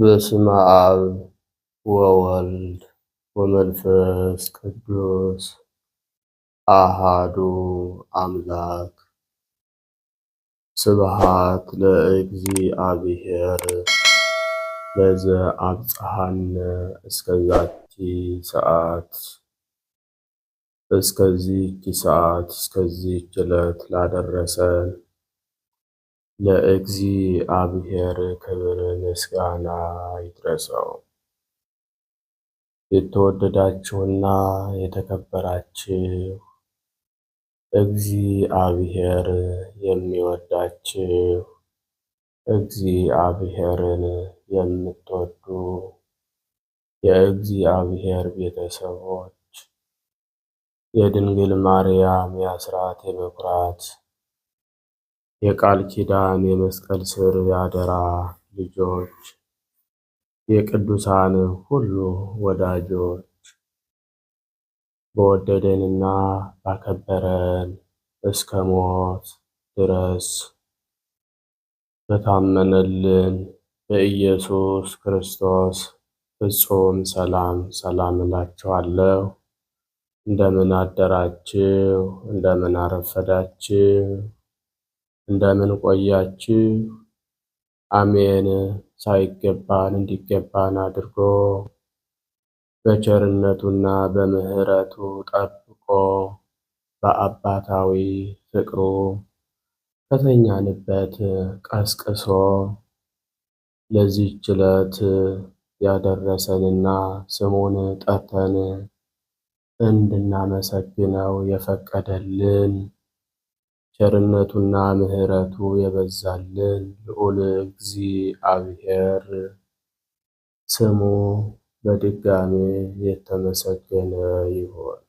በስመ አብ ወወልድ ወመንፈስ ቅዱስ አሃዱ አምላክ ስብሃት ለእግዚአብሔር ለዘአብጽሐነ እስከዛቲ ሰዓት እስከዚህች ሰዓት እስከዚህች ዕለት ላደረሰን ለእግዚአብሔር ክብር ምስጋና ይድረሰው። የተወደዳችሁና የተከበራችሁ እግዚአብሔር የሚወዳችሁ እግዚአብሔርን የምትወዱ የእግዚአብሔር ቤተሰቦች የድንግል ማርያም የአስራት የበኩራት የቃል ኪዳን የመስቀል ስር የአደራ ልጆች የቅዱሳን ሁሉ ወዳጆች በወደደንና ባከበረን እስከ ሞት ድረስ በታመነልን በኢየሱስ ክርስቶስ ፍጹም ሰላም ሰላም እላችኋለሁ። እንደምን አደራችሁ? እንደምን አረፈዳችሁ? እንደምን ቆያችሁ? አሜን። ሳይገባን እንዲገባን አድርጎ በቸርነቱና በምሕረቱ ጠብቆ በአባታዊ ፍቅሩ ከተኛንበት ቀስቅሶ ለዚህ ችለት ያደረሰንና ስሙን ጠርተን እንድናመሰግነው የፈቀደልን ቸርነቱና ምሕረቱ የበዛልን ልዑል እግዚአብሔር ስሙ በድጋሜ የተመሰገነ ይሁን።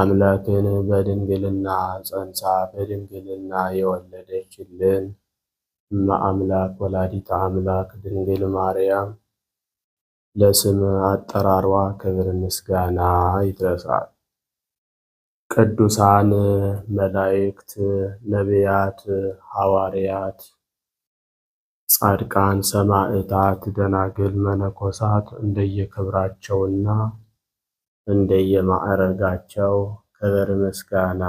አምላክን በድንግልና ጸንሳ በድንግልና የወለደችልን አምላክ ወላዲተ አምላክ ድንግል ማርያም ለስም አጠራሯ ክብር ምስጋና ይድረሳል። ቅዱሳን መላእክት፣ ነቢያት፣ ሐዋርያት፣ ጻድቃን፣ ሰማዕታት፣ ደናግል፣ መነኮሳት እንደየክብራቸውና እንደየማዕረጋቸው ክብር ምስጋና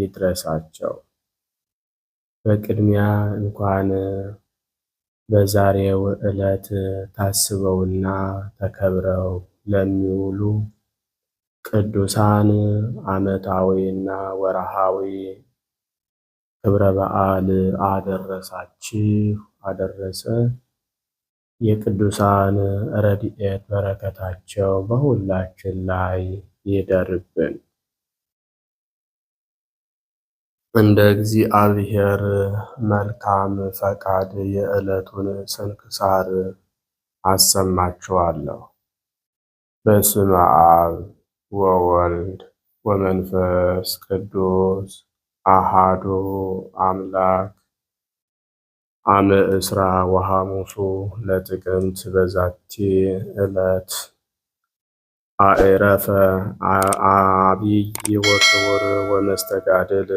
ይድረሳቸው። በቅድሚያ እንኳን በዛሬው ዕለት ታስበውና ተከብረው ለሚውሉ ቅዱሳን ዓመታዊና ወርሃዊ ክብረ በዓል አደረሳችሁ አደረሰ። የቅዱሳን ረድኤት በረከታቸው በሁላችን ላይ ይደርብን። እንደ እግዚአብሔር መልካም ፈቃድ የዕለቱን ስንክሳር አሰማችኋለሁ። በስመ አብ ወወልድ ወመንፈስ ቅዱስ አሃዱ አምላክ አመ እስራ ወሐሙሱ ለጥቅምት በዛቲ ዕለት አእረፈ አቢይ ወክቡር ወመስተጋድል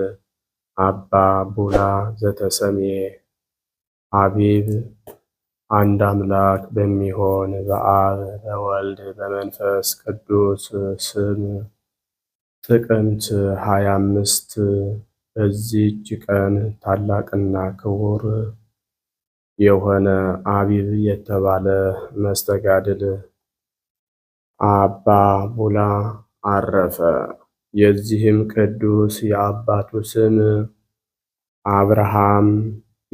አባ ቡላ ዘተሰሜ አቢብ አንድ አምላክ በሚሆን በአብ በወልድ በመንፈስ ቅዱስ ስም ጥቅምት ሀያ አምስት በዚህች ቀን ታላቅና ክቡር የሆነ አቢብ የተባለ መስተጋድል አባ ቡላ አረፈ። የዚህም ቅዱስ የአባቱ ስም አብርሃም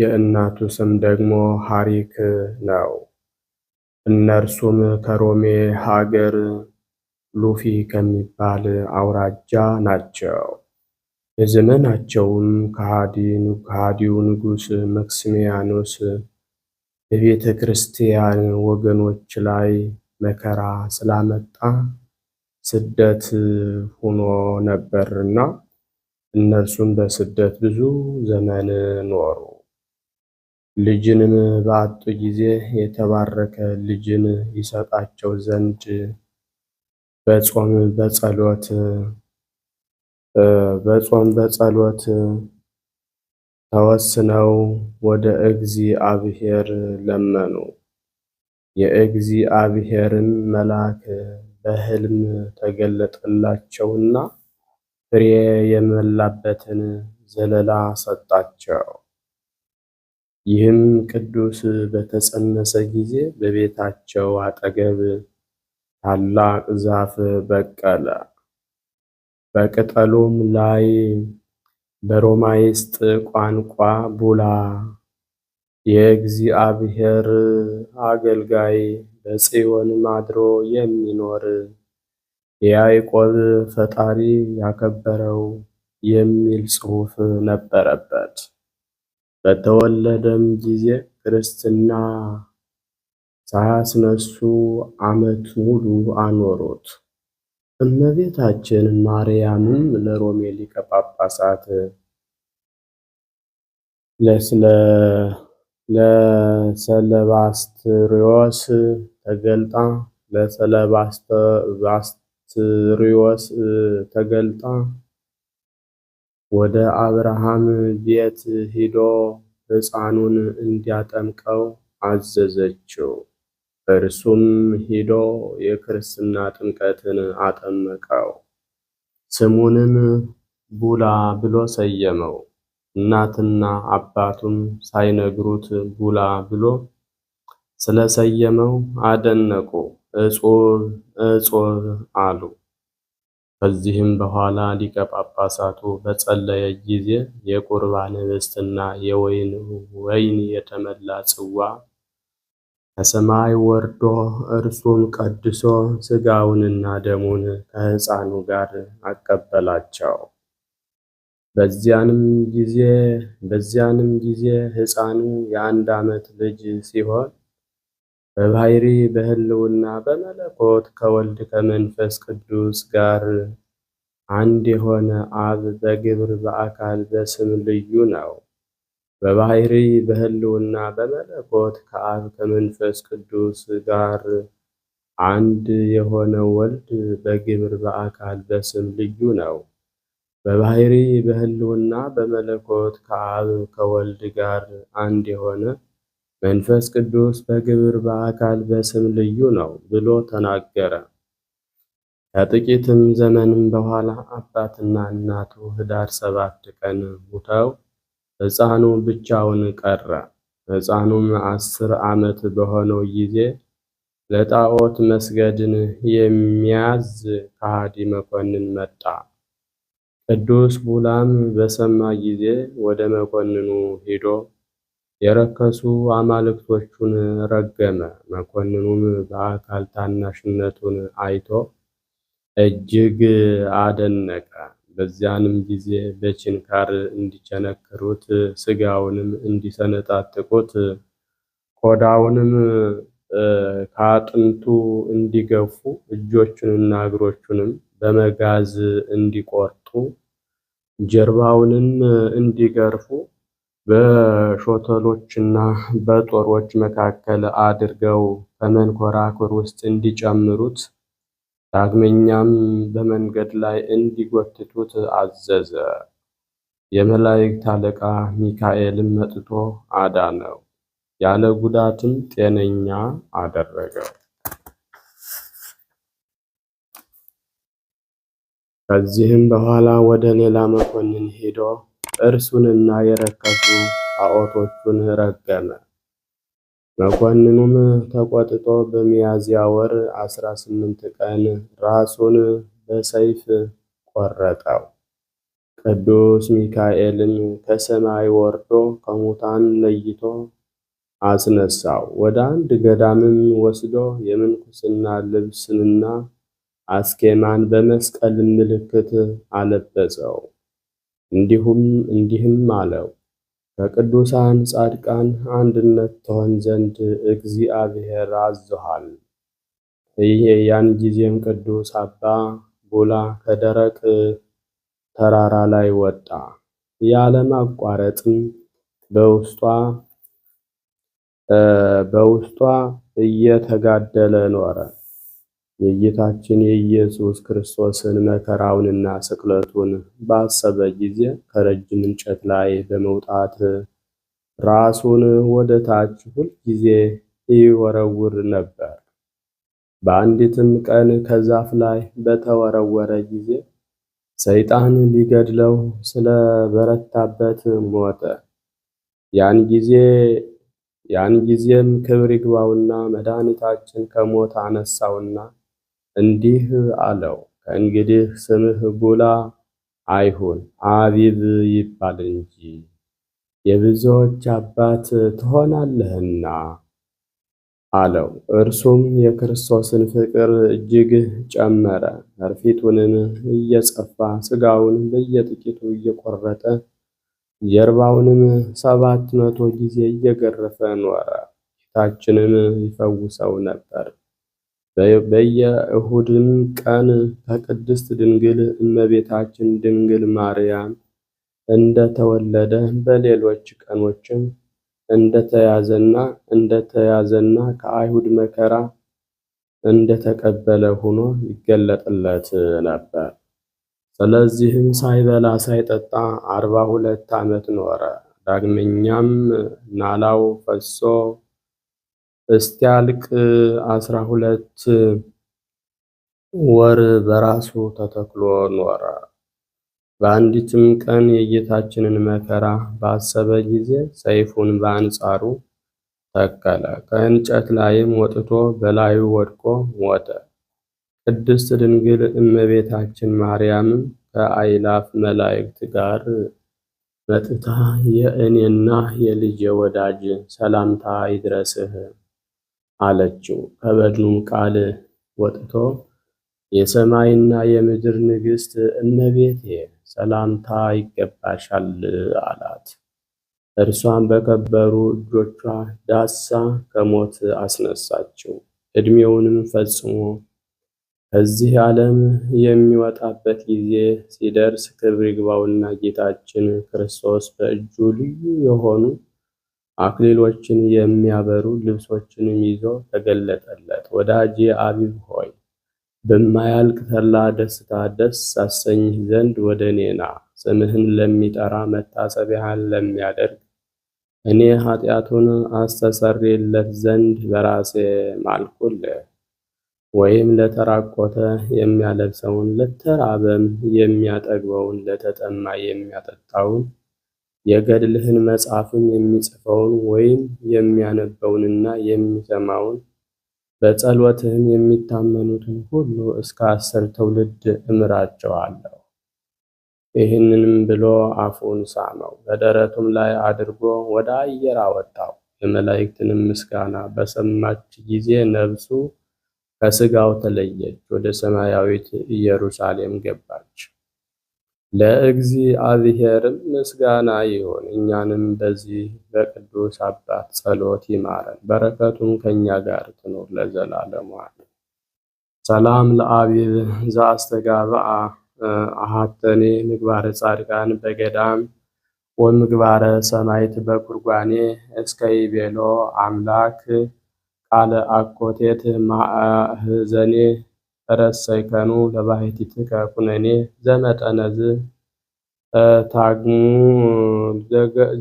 የእናቱ ስም ደግሞ ሐሪክ ነው። እነርሱም ከሮሜ ሀገር ሉፊ ከሚባል አውራጃ ናቸው። በዘመናቸውም ከሃዲው ንጉሥ መክስሚያኖስ በቤተ ክርስቲያን ወገኖች ላይ መከራ ስላመጣ ስደት ሆኖ ነበርና እነርሱም በስደት ብዙ ዘመን ኖሩ። ልጅንም በአጡ ጊዜ የተባረከ ልጅን ይሰጣቸው ዘንድ በጾም በጸሎት በጾም በጸሎት ተወስነው ወደ እግዚአብሔር ለመኑ። የእግዚአብሔርን መልአክ በሕልም ተገለጠላቸውና ፍሬ የሞላበትን ዘለላ ሰጣቸው። ይህም ቅዱስ በተጸነሰ ጊዜ በቤታቸው አጠገብ ታላቅ ዛፍ በቀለ። በቅጠሉም ላይ በሮማይስጥ ቋንቋ ቡላ የእግዚአብሔር አገልጋይ በጽዮን ማድሮ የሚኖር የያዕቆብ ፈጣሪ ያከበረው የሚል ጽሑፍ ነበረበት። በተወለደም ጊዜ ክርስትና ሳያስነሱ ዓመት ሙሉ አኖሩት። እመቤታችን ማርያምም ለሮሜ ሊቀ ጳጳሳት ለሰለባስትሪዎስ ተገልጣ ለሰለባስትሪዎስ ተገልጣ ወደ አብርሃም ቤት ሂዶ ሕፃኑን እንዲያጠምቀው አዘዘችው። እርሱም ሂዶ የክርስትና ጥምቀትን አጠመቀው። ስሙንም ቡላ ብሎ ሰየመው። እናትና አባቱም ሳይነግሩት ቡላ ብሎ ስለሰየመው አደነቁ፣ እጹብ እጹብ አሉ። ከዚህም በኋላ ሊቀ ጳጳሳቱ በጸለየ ጊዜ የቁርባን ህብስትና የወይን ወይን የተመላ ጽዋ ከሰማይ ወርዶ እርሱም ቀድሶ ሥጋውንና ደሙን ከሕፃኑ ጋር አቀበላቸው። በዚያንም ጊዜ በዚያንም ጊዜ ሕፃኑ የአንድ ዓመት ልጅ ሲሆን በባህሪ በህልውና በመለኮት ከወልድ ከመንፈስ ቅዱስ ጋር አንድ የሆነ አብ በግብር በአካል በስም ልዩ ነው። በባህሪ በህልውና በመለኮት ከአብ ከመንፈስ ቅዱስ ጋር አንድ የሆነ ወልድ በግብር በአካል በስም ልዩ ነው። በባህሪ በህልውና በመለኮት ከአብ ከወልድ ጋር አንድ የሆነ መንፈስ ቅዱስ በግብር በአካል በስም ልዩ ነው ብሎ ተናገረ። ከጥቂትም ዘመንም በኋላ አባትና እናቱ ህዳር ሰባት ቀን ሙተው ሕፃኑ ብቻውን ቀረ። ሕፃኑም አስር ዓመት በሆነው ጊዜ ለጣዖት መስገድን የሚያዝ ከሃዲ መኮንን መጣ። ቅዱስ ቡላም በሰማ ጊዜ ወደ መኮንኑ ሄዶ የረከሱ አማልክቶቹን ረገመ። መኮንኑም በአካል ታናሽነቱን አይቶ እጅግ አደነቀ። በዚያንም ጊዜ በችንካር እንዲቸነክሩት፣ ስጋውንም እንዲሰነጣጥቁት፣ ቆዳውንም ከአጥንቱ እንዲገፉ፣ እጆቹንና እግሮቹንም በመጋዝ እንዲቆርጡ፣ ጀርባውንም እንዲገርፉ በሾተሎችና በጦሮች መካከል አድርገው በመንኮራኩር ውስጥ እንዲጨምሩት ዳግመኛም በመንገድ ላይ እንዲጎትቱት አዘዘ። የመላእክት አለቃ ሚካኤልም መጥቶ አዳነው፣ ያለ ጉዳትም ጤነኛ አደረገው። ከዚህም በኋላ ወደ ሌላ መኮንን ሄዶ እርሱንና የረከሱ ጣዖቶቹን ረገመ። መኮንኑም ተቆጥቶ በሚያዝያ ወር 18 ቀን ራሱን በሰይፍ ቆረጠው። ቅዱስ ሚካኤልም ከሰማይ ወርዶ ከሙታን ለይቶ አስነሳው። ወደ አንድ ገዳምም ወስዶ የምንኩስና ልብስንና አስኬማን በመስቀል ምልክት አለበሰው። እንዲሁም እንዲህም አለው ከቅዱሳን ጻድቃን አንድነት ትሆን ዘንድ እግዚአብሔር ይሄ ያን ጊዜም ቅዱስ አባ ቡላ ከደረቅ ተራራ ላይ ወጣ፣ ያለማቋረጥም በውስጧ በውስጧ እየተጋደለ ኖረ። የጌታችን የኢየሱስ ክርስቶስን መከራውንና ስቅለቱን ባሰበ ጊዜ ከረጅም እንጨት ላይ በመውጣት ራሱን ወደ ታች ሁል ጊዜ ይወረውር ነበር። በአንዲትም ቀን ከዛፍ ላይ በተወረወረ ጊዜ ሰይጣን ሊገድለው ስለበረታበት ሞተ። ያን ጊዜ ያን ጊዜም ክብር ይግባውና መድኃኒታችን ከሞት አነሳውና እንዲህ አለው፣ ከእንግዲህ ስምህ ጉላ አይሁን አቢብ ይባል እንጂ የብዙዎች አባት ትሆናለህና አለው። እርሱም የክርስቶስን ፍቅር እጅግ ጨመረ። እርፊቱንም እየጸፋ ስጋውን በየጥቂቱ እየቆረጠ ጀርባውንም ሰባት መቶ ጊዜ እየገረፈ ኖረ። ጌታችንም ይፈውሰው ነበር። በየእሁድም ቀን ከቅድስት ድንግል እመቤታችን ድንግል ማርያም እንደተወለደ በሌሎች ቀኖችም እንደተያዘና እንደተያዘና ከአይሁድ መከራ እንደተቀበለ ሆኖ ይገለጥለት ነበር። ስለዚህም ሳይበላ ሳይጠጣ አርባ ሁለት ዓመት ኖረ። ዳግመኛም ናላው ፈሶ እስቲያልቅ አስራ ሁለት ወር በራሱ ተተክሎ ኖረ። በአንዲትም ቀን የጌታችንን መከራ ባሰበ ጊዜ ሰይፉን በአንጻሩ ተከለ፣ ከእንጨት ላይም ወጥቶ በላዩ ወድቆ ሞተ። ቅድስት ድንግል እመቤታችን ማርያምም ከአይላፍ መላእክት ጋር መጥታ የእኔና የልጄ ወዳጅ ሰላምታ ይድረስህ አለችው። ከበድኑም ቃል ወጥቶ የሰማይና የምድር ንግሥት እመቤቴ ሰላምታ ይገባሻል አላት። እርሷን በከበሩ እጆቿ ዳሳ ከሞት አስነሳችው። እድሜውንም ፈጽሞ ከዚህ ዓለም የሚወጣበት ጊዜ ሲደርስ ክብር ይግባውና ጌታችን ክርስቶስ በእጁ ልዩ የሆኑ አክሊሎችን የሚያበሩ ልብሶችንም ይዞ ተገለጠለት። ወዳጄ አቢብ ሆይ በማያልቅ ተላ ደስታ ደስ አሰኝህ ዘንድ ወደ እኔ ና። ስምህን ለሚጠራ መታሰቢያህን ለሚያደርግ እኔ ኃጢአቱን አስተሰሬለት ዘንድ በራሴ ማልኩልህ። ወይም ለተራቆተ የሚያለብሰውን ለተራበም የሚያጠግበውን ለተጠማ የሚያጠጣውን የገድልህን መጽሐፍን የሚጽፈውን ወይም የሚያነበውንና የሚሰማውን በጸሎትህም የሚታመኑትን ሁሉ እስከ አስር ትውልድ እምራቸዋለሁ። ይህንንም ብሎ አፉን ሳመው፣ በደረቱም ላይ አድርጎ ወደ አየር አወጣው። የመላእክትንም ምስጋና በሰማች ጊዜ ነፍሱ ከስጋው ተለየች፣ ወደ ሰማያዊት ኢየሩሳሌም ገባች። ለእግዚአብሔርም ምስጋና ይሁን። እኛንም በዚህ በቅዱስ አባት ጸሎት ይማረን፣ በረከቱም ከእኛ ጋር ትኑር ለዘላለሙ። ሰላም ለአቢብ ዘአስተጋብአ አሐተኔ ምግባረ ጻድቃን በገዳም ወምግባረ ሰማይት በኩርጓኔ እስከ ይቤሎ አምላክ ቃለ አኮቴት ማእህዘኔ ረሰይከኑ ለባሕቲትከ ኩነኔ ዘመጠነዝ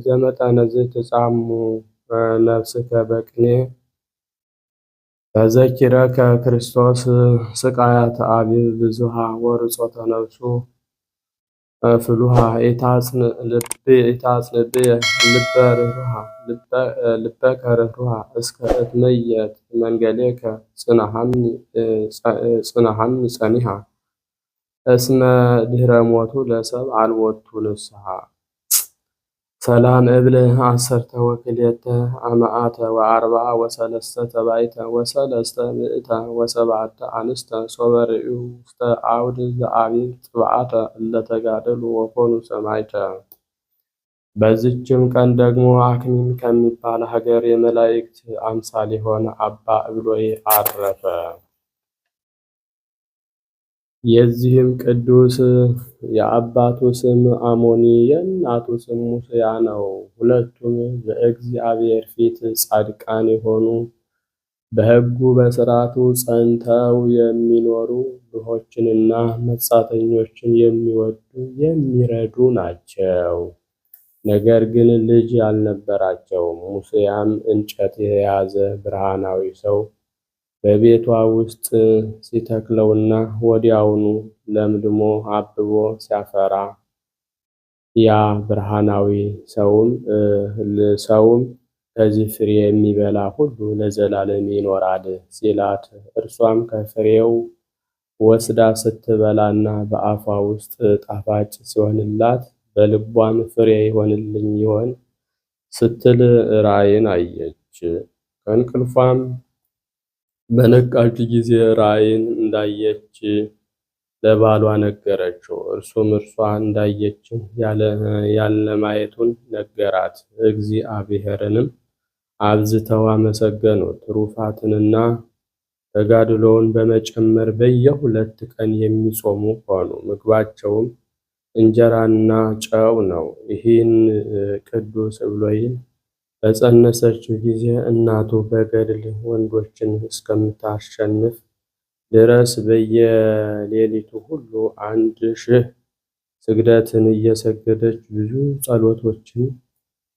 ዘመጠነዝ ትጻሙ ነፍስከ በቅኔ ተዘኪረ ከክርስቶስ ስቃያት አቢብ ብዙሃ ወርጾተ ነብሱ ፍሉሃ የታጽን ልብ ብእታጽብዕ ልበ ከርህሩሃ እስከ እትመየት መንገሌከ ጽናሃን ጸኒሃ እስመ ድኅረ ሞቱ ለሰብ አልወቱ ንስሐ ሰላም እብል አሰርተ ወክልኤተ አማአተ ወአርባ ወሰለስተ ተባይተ ወሰለስተ ምእተ ወሰባተ አንስተ ሶበ ርዑ ውስተ አውድ ዘአቢብ ጽብዓተ እለተጋደሉ ወኮኑ ሰማይተ በዚችም ቀን ደግሞ አክኒም ከሚባል ሀገር የመላእክት አምሳል የሆነ አባ እብሎይ አረፈ። የዚህም ቅዱስ የአባቱ ስም አሞኒ የእናቱ ስም ሙሴያ ነው። ሁለቱም በእግዚአብሔር ፊት ጻድቃን የሆኑ በሕጉ በስርዓቱ ጸንተው የሚኖሩ ድሆችንና መጻተኞችን የሚወዱ የሚረዱ ናቸው። ነገር ግን ልጅ አልነበራቸውም። ሙሴያም እንጨት የያዘ ብርሃናዊ ሰው በቤቷ ውስጥ ሲተክለውና ወዲያውኑ ለምልሞ አብቦ ሲያፈራ ያ ብርሃናዊ ሰውም ሰውም ከዚህ ፍሬ የሚበላ ሁሉ ለዘላለም ይኖራል ሲላት፣ እርሷም ከፍሬው ወስዳ ስትበላና በአፏ ውስጥ ጣፋጭ ሲሆንላት በልቧም ፍሬ ይሆንልኝ ይሆን ስትል ራእይን አየች። ከእንቅልፏም በነቃች ጊዜ ራእይን እንዳየች ለባሏ ነገረችው። እርሱም እርሷ እንዳየችው ያለማየቱን ነገራት። እግዚአብሔርንም አብዝተው አመሰገኑት። ትሩፋትንና ተጋድሎውን በመጨመር በየሁለት ቀን የሚጾሙ ሆኑ። ምግባቸውም እንጀራና ጨው ነው። ይህን ቅዱስ ብሎይን በጸነሰችው ጊዜ እናቱ በገድል ወንዶችን እስከምታሸንፍ ድረስ በየሌሊቱ ሁሉ አንድ ሺህ ስግደትን እየሰገደች ብዙ ጸሎቶችን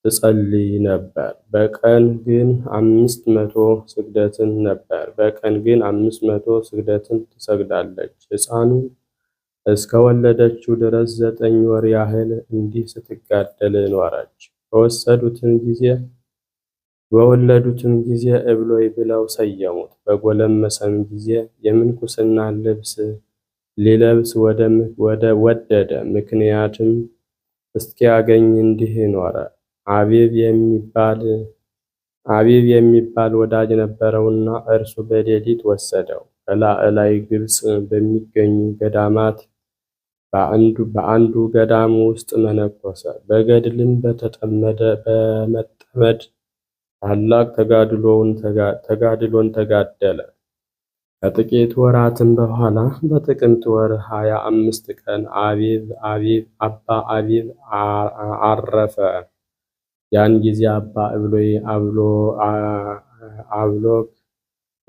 ትጸልይ ነበር። በቀን ግን አምስት መቶ ስግደትን ነበር በቀን ግን አምስት መቶ ስግደትን ትሰግዳለች። ህፃኑ። እስከወለደችው ድረስ ዘጠኝ ወር ያህል እንዲህ ስትጋደል ኖረች። በወሰዱትም ጊዜ በወለዱትም ጊዜ እብሎይ ብለው ሰየሙት። በጎለመሰም ጊዜ የምንኩስና ልብስ ሊለብስ ወደወደደ ምክንያትም እስኪያገኝ እንዲህ ኖረ። አቢብ የሚባል አቢብ የሚባል ወዳጅ ነበረውና እርሱ በሌሊት ወሰደው ከላዕላይ ግብፅ በሚገኙ ገዳማት በአንዱ ገዳም ውስጥ መነኮሰ። በገድልም በተጠመደ በመጠመድ ታላቅ ተጋድሎን ተጋደለ። ከጥቂት ወራትም በኋላ በጥቅምት ወር ሀያ አምስት ቀን አቢብ አቢብ አባ አቢብ አረፈ። ያን ጊዜ አባ እብሎይ አብሎ አብሎክ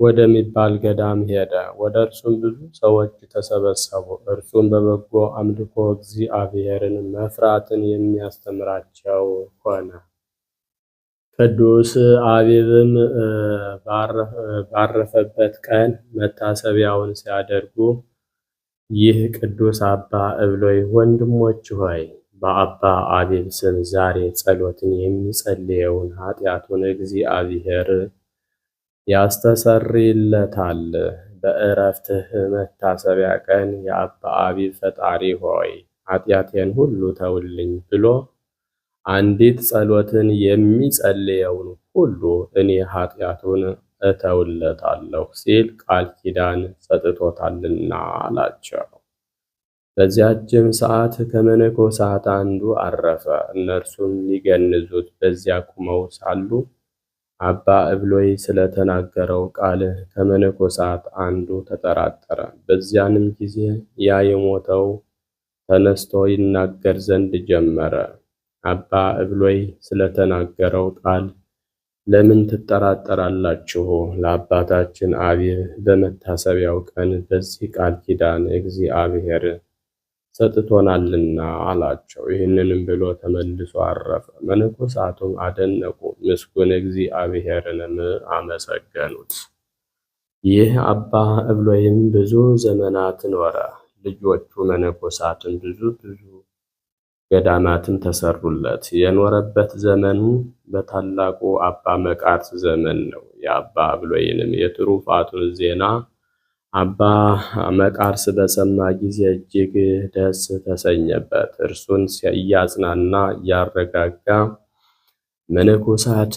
ወደሚባል ገዳም ሄደ። ወደ እርሱም ብዙ ሰዎች ተሰበሰቡ። እርሱም በበጎ አምልኮ እግዚአብሔርን መፍራትን የሚያስተምራቸው ሆነ። ቅዱስ አቢብም ባረፈበት ቀን መታሰቢያውን ሲያደርጉ ይህ ቅዱስ አባ እብሎይ ወንድሞች ሆይ በአባ አቢብ ስም ዛሬ ጸሎትን የሚጸልየውን ኃጢአቱን እግዚአብሔር ያስተሰርይለታል። በእረፍትህ መታሰቢያ ቀን የአባ አቢብ ፈጣሪ ሆይ ኃጢአቴን ሁሉ ተውልኝ ብሎ አንዲት ጸሎትን የሚጸልየውን ሁሉ እኔ ኃጢአቱን እተውለታለሁ ሲል ቃል ኪዳን ሰጥቶታልና አላቸው። በዚያችም ሰዓት ከመነኮሳት አንዱ አረፈ። እነርሱም ሊገንዙት በዚያ ቁመው ሳሉ አባ እብሎይ ስለተናገረው ቃል ከመነኮሳት አንዱ ተጠራጠረ። በዚያንም ጊዜ ያ የሞተው ተነስቶ ይናገር ዘንድ ጀመረ። አባ እብሎይ ስለተናገረው ቃል ለምን ትጠራጠራላችሁ? ለአባታችን አቢብ በመታሰቢያው ቀን በዚህ ቃል ኪዳን እግዚአብሔር ሰጥቶናልና አላቸው። ይህንንም ብሎ ተመልሶ አረፈ። መነኮሳቱም አደነቁ፣ ምስጉን እግዚአብሔርንም አመሰገኑት። ይህ አባ እብሎይም ብዙ ዘመናት ኖረ። ልጆቹ መነኮሳትን ብዙ ብዙ ገዳማትን ተሰሩለት። የኖረበት ዘመኑ በታላቁ አባ መቃርስ ዘመን ነው። የአባ እብሎይንም የትሩፋቱን ዜና አባ መቃርስ በሰማ ጊዜ እጅግ ደስ ተሰኘበት። እርሱን እያጽናና እያረጋጋ መነኮሳት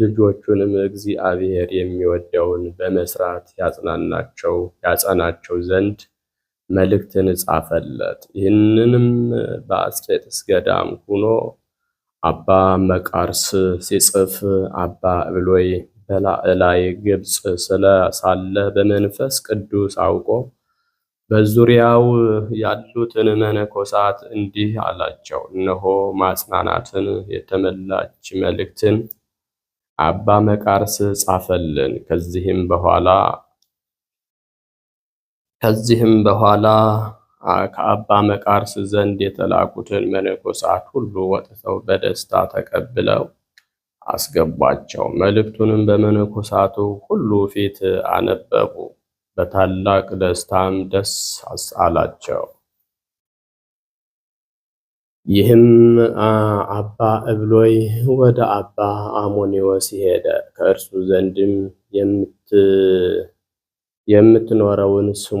ልጆቹንም እግዚአብሔር የሚወደውን በመስራት ያጽናናቸው ያጸናቸው ዘንድ መልእክትን ጻፈለት። ይህንንም በአስቄጥስ ገዳም ሆኖ አባ መቃርስ ሲጽፍ አባ እብሎይ በላይ ግብፅ ስለሳለ በመንፈስ ቅዱስ አውቆ በዙሪያው ያሉትን መነኮሳት እንዲህ አላቸው፣ እነሆ ማጽናናትን የተመላች መልእክትን አባ መቃርስ ጻፈልን። ከዚህም በኋላ ከዚህም በኋላ ከአባ መቃርስ ዘንድ የተላኩትን መነኮሳት ሁሉ ወጥተው በደስታ ተቀብለው አስገባቸው። መልእክቱንም በመነኮሳቱ ሁሉ ፊት አነበቡ። በታላቅ ደስታም ደስ አላቸው። ይህም አባ እብሎይ ወደ አባ አሞኒዎስ ሄደ። ከእርሱ ዘንድም የምትኖረውን ስሟ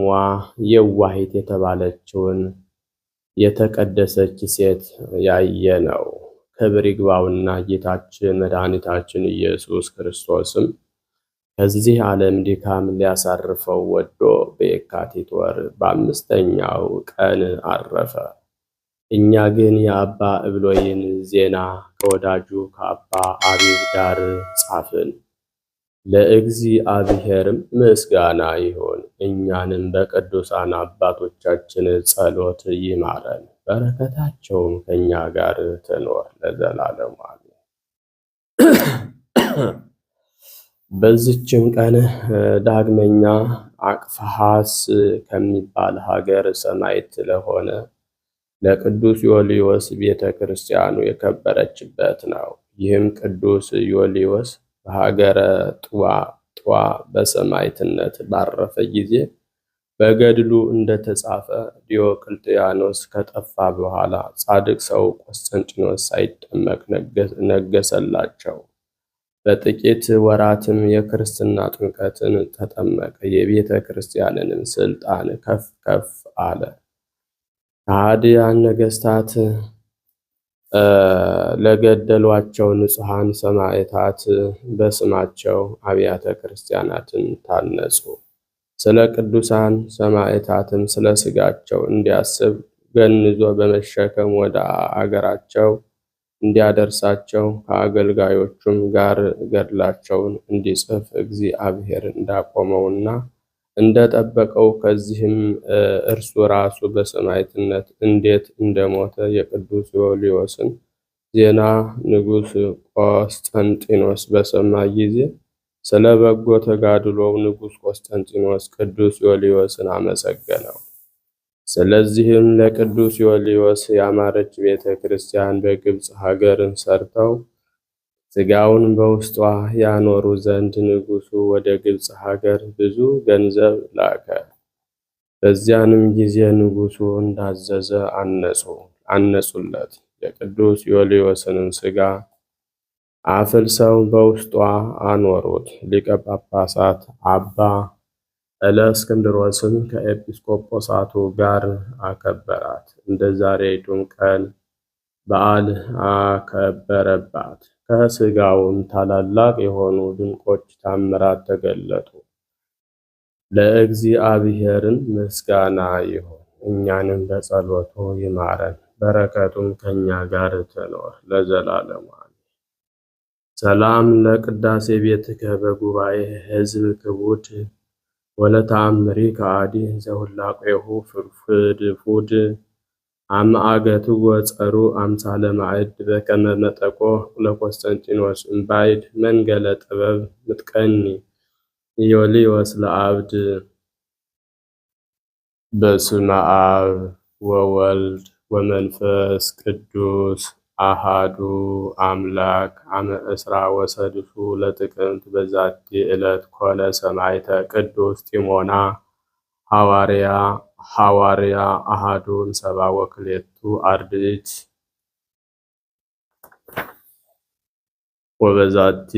የዋሂት የተባለችውን የተቀደሰች ሴት ያየ ነው። ክብር ይግባውና ጌታችን መድኃኒታችን ኢየሱስ ክርስቶስም ከዚህ ዓለም ድካም ሊያሳርፈው ወዶ በየካቲት ወር በአምስተኛው ቀን አረፈ። እኛ ግን የአባ እብሎይን ዜና ከወዳጁ ከአባ አቢብ ጋር ጻፍን። ለእግዚአብሔርም ምስጋና ይሁን። እኛንም በቅዱሳን አባቶቻችን ጸሎት ይማረን። በረከታቸውም ከእኛ ጋር ትኖር ለዘላለም አሜን። በዚችም ቀን ዳግመኛ አቅፋሃስ ከሚባል ሀገር ሰማዕት ለሆነ ለቅዱስ ዮልዮስ ቤተ ክርስቲያኑ የከበረችበት ነው። ይህም ቅዱስ ዮልዮስ በሀገረ ጥዋ ጥዋ በሰማዕትነት ባረፈ ጊዜ በገድሉ እንደተጻፈ ዲዮቅልጥያኖስ ከጠፋ በኋላ ጻድቅ ሰው ቆስጠንጢኖስ ሳይጠመቅ ነገሰላቸው። በጥቂት ወራትም የክርስትና ጥምቀትን ተጠመቀ። የቤተ ክርስቲያንንም ስልጣን ከፍ ከፍ አለ። ከሃዲያን ነገስታት ለገደሏቸው ንጹሐን ሰማዕታት በስማቸው አብያተ ክርስቲያናትን ታነጹ። ስለ ቅዱሳን ሰማዕታትም ስለ ስጋቸው እንዲያስብ ገንዞ በመሸከም ወደ አገራቸው እንዲያደርሳቸው ከአገልጋዮቹም ጋር ገድላቸውን እንዲጽፍ እግዚአብሔር እንዳቆመውና እንደጠበቀው ከዚህም እርሱ ራሱ በሰማዕትነት እንዴት እንደሞተ የቅዱስ ዮልዮስን ዜና ንጉሥ ቆስጠንጢኖስ በሰማ ጊዜ ስለ በጎ ተጋድሎው ንጉሥ ቆስጠንጢኖስ ቅዱስ ዮልዮስን አመሰገነው። ስለዚህም ለቅዱስ ዮልዮስ የአማረች ቤተ ክርስቲያን በግብፅ ሀገርን ሰርተው ሥጋውን በውስጧ ያኖሩ ዘንድ ንጉሡ ወደ ግብፅ ሀገር ብዙ ገንዘብ ላከ። በዚያንም ጊዜ ንጉሡ እንዳዘዘ አነጹለት። የቅዱስ ዮልዮስንም ሥጋ አፍልሰው በውስጧ አኖሩት። ሊቀ ጳጳሳት አባ እለእስክንድሮስም ከኤጲስቆጶሳቱ ጋር አከበራት። እንደ ዛሬቱም ቀን በዓል አከበረባት። ከሥጋውም ታላላቅ የሆኑ ድንቆች ታምራት ተገለጡ። ለእግዚአብሔርን ምስጋና ይሁን፣ እኛንም በጸሎቱ ይማረን፣ በረከቱም ከእኛ ጋር ትኖር ለዘላለሙ ሰላም ለቅዳሴ ቤትከ በጉባኤ ሕዝብ ክቡድ ወለተአምሪ ከአዲ ዘሁላቄሁ ፍድፉድ አማአገቱ ወጸሩ አምሳለ ማዕድ በከመ መጠቆ ለቆስጠንጢኖስ እምባይድ መንገለ ጥበብ ምጥቀኒ ኢዮልዮስ ለአብድ። በስመ አብ ወወልድ ወመንፈስ ቅዱስ አሃዱ አምላክ አመ እስራ ወሰድሱ ለጥቅምት በዛቲ ዕለት ኮነ ሰማይተ ቅዱስ ጢሞና ሐዋርያ ሐዋርያ አሃዱን ሰባ ወክሌቱ አርድእት ወበዛቲ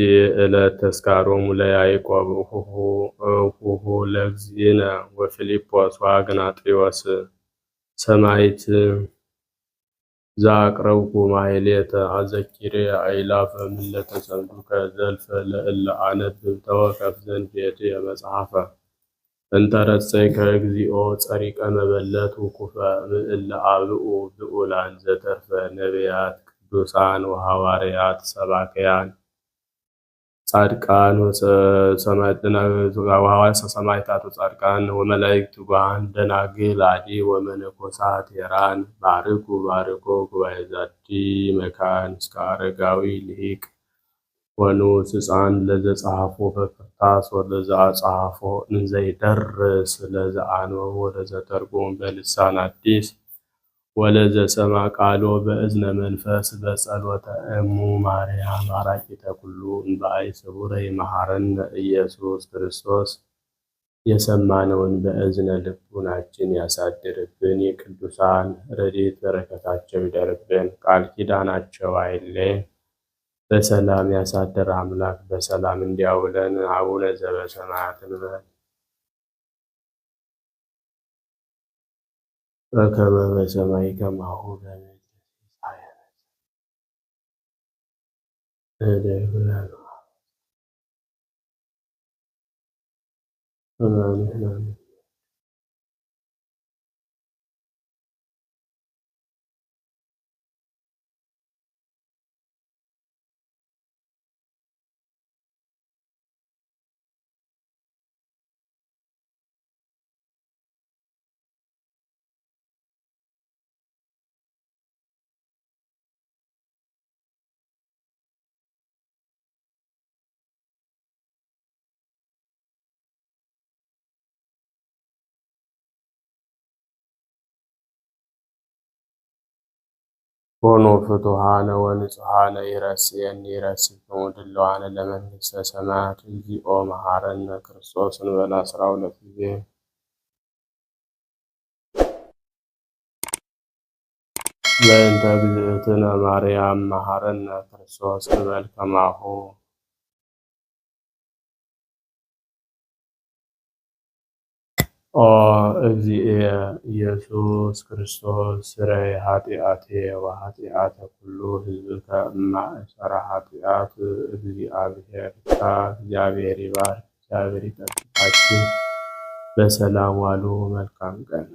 ዕለት ተስካሮሙ ለያዕቆብ እሁሁ ለእግዚእነ ወፊልጶስ ወአግናጥዮስ ሰማይት ዘአቅረብኩ ማሕሌተ አዘኪሬ አእላፈ ምለተ ሰንዱከ ዘልፈ ለእለ አነብብ ተወከፍ ዘንድ የእትየ መጽሐፈ እንተ ረሰይከ እግዚኦ ጸሪቀ መበለት ውኩፈ እለ አብኡ ብዑላን ዘተርፈ ነቢያት ቅዱሳን ወሐዋርያት ሰባክያን ጻድቃን ወሐዋርያት ሰማዕታት ጻድቃን ወመላእክት ጓን ደናግል አዲ ወመነኮሳት ሄራን ባርኩ ባርኮ ጉባኤ ዛዲ መካን እስከ አረጋዊ ልሂቅ ወንዑስ ሕፃን ለዘጸሐፎ በክርታስ ወለዘአጸሐፎ እንዘይደርስ ለዘአንበቦ ወለዘተርጎሙ በልሳን አዲስ ወለዘሰማ ቃሎ በእዝነ መንፈስ በጸሎተ እሙ ማርያም አራቂተ ኩሉ እንበአይ ስቡረ ይመሐረነ ኢየሱስ ክርስቶስ የሰማነውን በእዝነ ልቡናችን ያሳድርብን። የቅዱሳን ረድኤት በረከታቸው ይደርብን። ቃል ኪዳናቸው አይሌ በሰላም ያሳድር አምላክ በሰላም እንዲያውለን አቡነ ዘበሰማያት kama amesema mahuda Amen. Amen. ሆኖ ፍቱሃነ ወንጹሃነ ይረስየን ይረስይክሙ ከሙድለዋነ ለመንግሥተ ሰማያት እግዚኦ መሐረነ ክርስቶስን እንበለ አስራ ሁለት ጊዜ በእንተ እግዝእትነ ማርያም መሐረነ ክርስቶስን እንበል ከማሁ ኦ እግዚኤ ኢየሱስ ክርስቶስ ስረይ ኃጢአቴ ወኃጢአተ ኩሉ ሕዝብከ እማእሰረ ኃጢአት እግዚአብሔር ታ እግዚአብሔር ይባርክ፣ እግዚአብሔር ይጠብቃችሁ። በሰላም ዋሉ። መልካም ቀን